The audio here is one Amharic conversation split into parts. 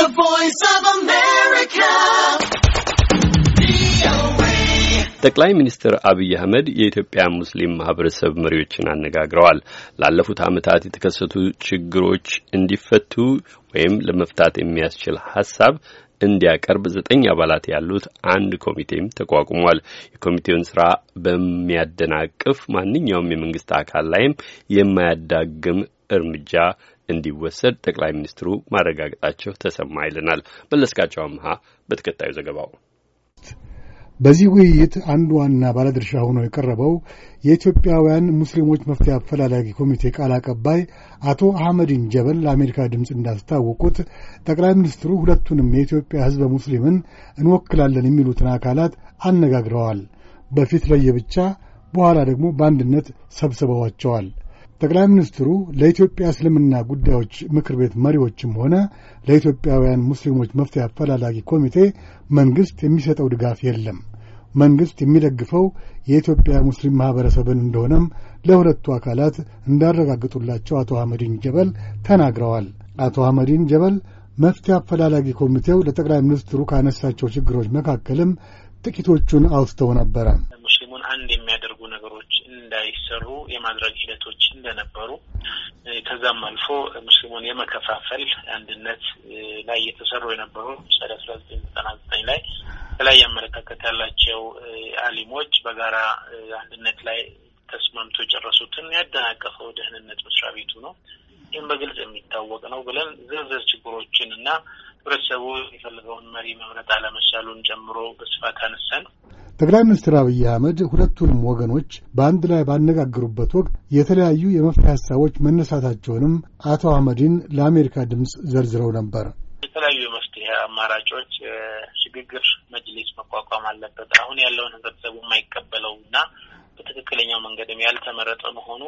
The Voice of America. ጠቅላይ ሚኒስትር አብይ አህመድ የኢትዮጵያ ሙስሊም ማህበረሰብ መሪዎችን አነጋግረዋል። ላለፉት ዓመታት የተከሰቱ ችግሮች እንዲፈቱ ወይም ለመፍታት የሚያስችል ሀሳብ እንዲያቀርብ ዘጠኝ አባላት ያሉት አንድ ኮሚቴም ተቋቁሟል። የኮሚቴውን ስራ በሚያደናቅፍ ማንኛውም የመንግስት አካል ላይም የማያዳግም እርምጃ እንዲወሰድ ጠቅላይ ሚኒስትሩ ማረጋገጣቸው ተሰማ ይለናል መለስካቸው አምሃ በተከታዩ ዘገባው። በዚህ ውይይት አንድ ዋና ባለድርሻ ሆኖ የቀረበው የኢትዮጵያውያን ሙስሊሞች መፍትሄ አፈላላጊ ኮሚቴ ቃል አቀባይ አቶ አህመዲን ጀበል ለአሜሪካ ድምፅ እንዳስታወቁት ጠቅላይ ሚኒስትሩ ሁለቱንም የኢትዮጵያ ሕዝበ ሙስሊምን እንወክላለን የሚሉትን አካላት አነጋግረዋል። በፊት ለየብቻ፣ በኋላ ደግሞ በአንድነት ሰብስበዋቸዋል። ጠቅላይ ሚኒስትሩ ለኢትዮጵያ እስልምና ጉዳዮች ምክር ቤት መሪዎችም ሆነ ለኢትዮጵያውያን ሙስሊሞች መፍትሄ አፈላላጊ ኮሚቴ መንግሥት የሚሰጠው ድጋፍ የለም። መንግሥት የሚደግፈው የኢትዮጵያ ሙስሊም ማኅበረሰብን እንደሆነም ለሁለቱ አካላት እንዳረጋግጡላቸው አቶ አህመዲን ጀበል ተናግረዋል። አቶ አህመዲን ጀበል መፍትሄ አፈላላጊ ኮሚቴው ለጠቅላይ ሚኒስትሩ ካነሳቸው ችግሮች መካከልም ጥቂቶቹን አውስተው ነበረ። ሙስሊሙን አንድ እንዳይሰሩ የማድረግ ሂደቶች እንደነበሩ ከዛም አልፎ ሙስሊሙን የመከፋፈል አንድነት ላይ የተሰሩ የነበሩ ምሳሌ አስራ ዘጠኝ ዘጠና ዘጠኝ ላይ የተለያየ አመለካከት ያላቸው አሊሞች በጋራ አንድነት ላይ ተስማምቶ የጨረሱትን ያደናቀፈው ደህንነት መስሪያ ቤቱ ነው። ይህም በግልጽ የሚታወቅ ነው ብለን ዝርዝር ችግሮችን እና ህብረተሰቡ የፈለገውን መሪ መምረጥ አለመቻሉን ጨምሮ በስፋት አነሳን። ጠቅላይ ሚኒስትር አብይ አህመድ ሁለቱንም ወገኖች በአንድ ላይ ባነጋገሩበት ወቅት የተለያዩ የመፍትሄ ሀሳቦች መነሳታቸውንም አቶ አህመድን ለአሜሪካ ድምፅ ዘርዝረው ነበር። የተለያዩ የመፍትሄ አማራጮች ሽግግር መጅሊስ መቋቋም አለበት። አሁን ያለውን ህብረተሰቡ የማይቀበለው እና ትክክለኛው መንገድም ያልተመረጠ መሆኑ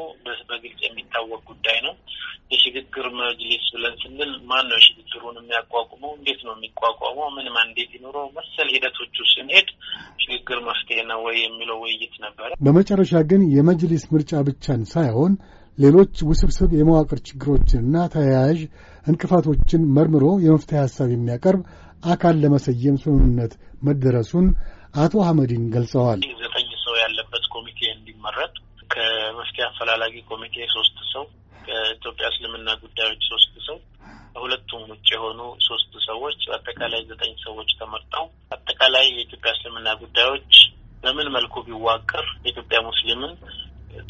በግልጽ የሚታወቅ ጉዳይ ነው። የሽግግር መጅሊስ ብለን ስንል ማን ነው ሽግግሩን የሚያቋቁመው? እንዴት ነው የሚቋቋመው? ምን እንዴት ይኖረው? መሰል ሂደቶቹ ስንሄድ ሽግግር መፍትሄ ነው ወይ የሚለው ውይይት ነበረ። በመጨረሻ ግን የመጅሊስ ምርጫ ብቻን ሳይሆን ሌሎች ውስብስብ የመዋቅር ችግሮችንና ተያያዥ እንቅፋቶችን መርምሮ የመፍትሄ ሀሳብ የሚያቀርብ አካል ለመሰየም ስምምነት መደረሱን አቶ አህመዲን ገልጸዋል። እንዲመረጥ ከመፍትሄ አፈላላጊ ኮሚቴ ሶስት ሰው ከኢትዮጵያ እስልምና ጉዳዮች ሶስት ሰው ከሁለቱም ውጭ የሆኑ ሶስት ሰዎች አጠቃላይ ዘጠኝ ሰዎች ተመርጠው አጠቃላይ የኢትዮጵያ እስልምና ጉዳዮች በምን መልኩ ቢዋቀር የኢትዮጵያ ሙስሊምን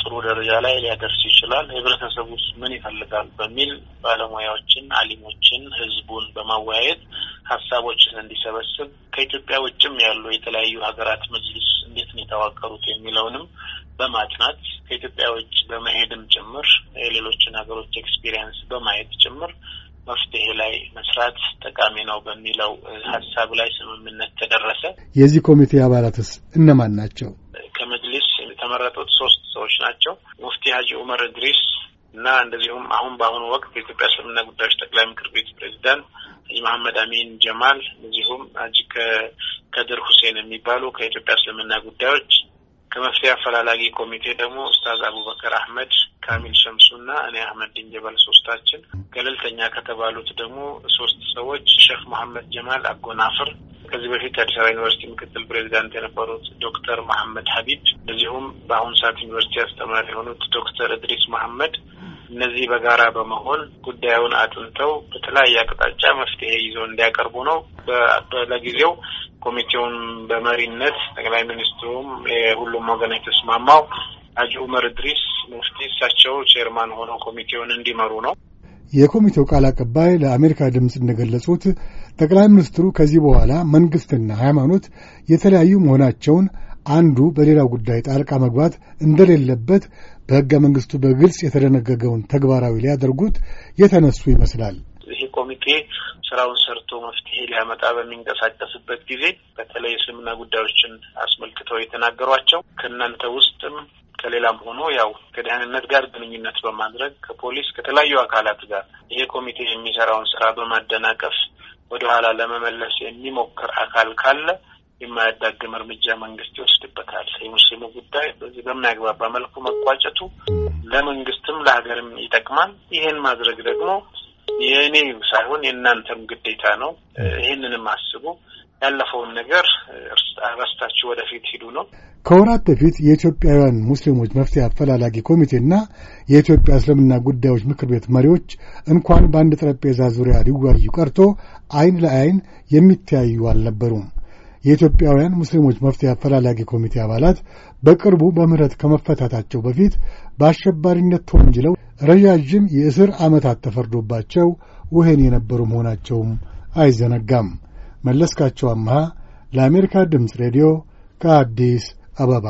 ጥሩ ደረጃ ላይ ሊያደርስ ይችላል፣ ህብረተሰቡ ውስጥ ምን ይፈልጋል በሚል ባለሙያዎችን፣ አሊሞችን፣ ህዝቡን በማወያየት ሀሳቦችን እንዲሰበስብ ከኢትዮጵያ ውጭም ያሉ የተለያዩ ሀገራት መጅሊስ እንዴት ነው የተዋቀሩት የሚለውንም በማጥናት ከኢትዮጵያ ውጭ በመሄድም ጭምር የሌሎችን ሀገሮች ኤክስፒሪየንስ በማየት ጭምር መፍትሄ ላይ መስራት ጠቃሚ ነው በሚለው ሀሳብ ላይ ስምምነት ተደረሰ። የዚህ ኮሚቴ አባላትስ እነማን ናቸው? ከመጅሊስ የተመረጡት ሶስት ሰዎች ናቸው። ሙፍቲ ሀጂ ኡመር እድሪስ እና እንደዚሁም አሁን በአሁኑ ወቅት የኢትዮጵያ እስልምና ጉዳዮች ጠቅላይ ምክር ቤት ፕሬዚዳንት ሀጂ መሐመድ አሚን ጀማል፣ እንደዚሁም ሀጂ ከድር ሁሴን የሚባሉ ከኢትዮጵያ እስልምና ጉዳዮች ከመፍትሄ አፈላላጊ ኮሚቴ ደግሞ ኡስታዝ አቡበከር አህመድ፣ ካሚል ሸምሱና እኔ አህመድ ድንጀበል ሶስታችን፣ ገለልተኛ ከተባሉት ደግሞ ሶስት ሰዎች ሼክ መሐመድ ጀማል አጎናፍር ከዚህ በፊት የአዲስ አበባ ዩኒቨርሲቲ ምክትል ፕሬዚዳንት የነበሩት ዶክተር መሐመድ ሀቢብ እንደዚሁም በአሁኑ ሰዓት ዩኒቨርሲቲ አስተማሪ የሆኑት ዶክተር እድሪስ መሐመድ እነዚህ በጋራ በመሆን ጉዳዩን አጥንተው በተለያየ አቅጣጫ መፍትሄ ይዘው እንዲያቀርቡ ነው። ለጊዜው ኮሚቴውን በመሪነት ጠቅላይ ሚኒስትሩም የሁሉም ወገን የተስማማው ሀጂ ኡመር እድሪስ ሙፍቲ እሳቸው ቼርማን ሆነው ኮሚቴውን እንዲመሩ ነው። የኮሚቴው ቃል አቀባይ ለአሜሪካ ድምፅ እንደገለጹት ጠቅላይ ሚኒስትሩ ከዚህ በኋላ መንግስትና ሃይማኖት የተለያዩ መሆናቸውን አንዱ በሌላው ጉዳይ ጣልቃ መግባት እንደሌለበት በሕገ መንግሥቱ በግልጽ የተደነገገውን ተግባራዊ ሊያደርጉት የተነሱ ይመስላል። ኮሚቴ ስራውን ሰርቶ መፍትሄ ሊያመጣ በሚንቀሳቀስበት ጊዜ በተለይ የስልምና ጉዳዮችን አስመልክተው የተናገሯቸው ከእናንተ ውስጥም ከሌላም ሆኖ ያው ከደህንነት ጋር ግንኙነት በማድረግ ከፖሊስ ከተለያዩ አካላት ጋር ይሄ ኮሚቴ የሚሰራውን ስራ በማደናቀፍ ወደኋላ ለመመለስ የሚሞክር አካል ካለ የማያዳግም እርምጃ መንግስት ይወስድበታል። የሙስሊሙ ጉዳይ በዚህ በማያግባባ መልኩ መቋጨቱ ለመንግስትም ለሀገርም ይጠቅማል። ይህን ማድረግ ደግሞ የእኔ ሳይሆን የእናንተም ግዴታ ነው። ይህንንም አስቡ። ያለፈውን ነገር ረስታችሁ ወደፊት ሂዱ ነው። ከወራት በፊት የኢትዮጵያውያን ሙስሊሞች መፍትሄ አፈላላጊ ኮሚቴና የኢትዮጵያ እስልምና ጉዳዮች ምክር ቤት መሪዎች እንኳን በአንድ ጠረጴዛ ዙሪያ ሊወያዩ ቀርቶ አይን ለአይን የሚተያዩ አልነበሩም። የኢትዮጵያውያን ሙስሊሞች መፍትሄ አፈላላጊ ኮሚቴ አባላት በቅርቡ በምህረት ከመፈታታቸው በፊት በአሸባሪነት ተወንጅለው ረዣዥም የእስር ዓመታት ተፈርዶባቸው ውህን የነበሩ መሆናቸውም አይዘነጋም። መለስካቸው አምሃ ለአሜሪካ ድምፅ ሬዲዮ ከአዲስ አበባ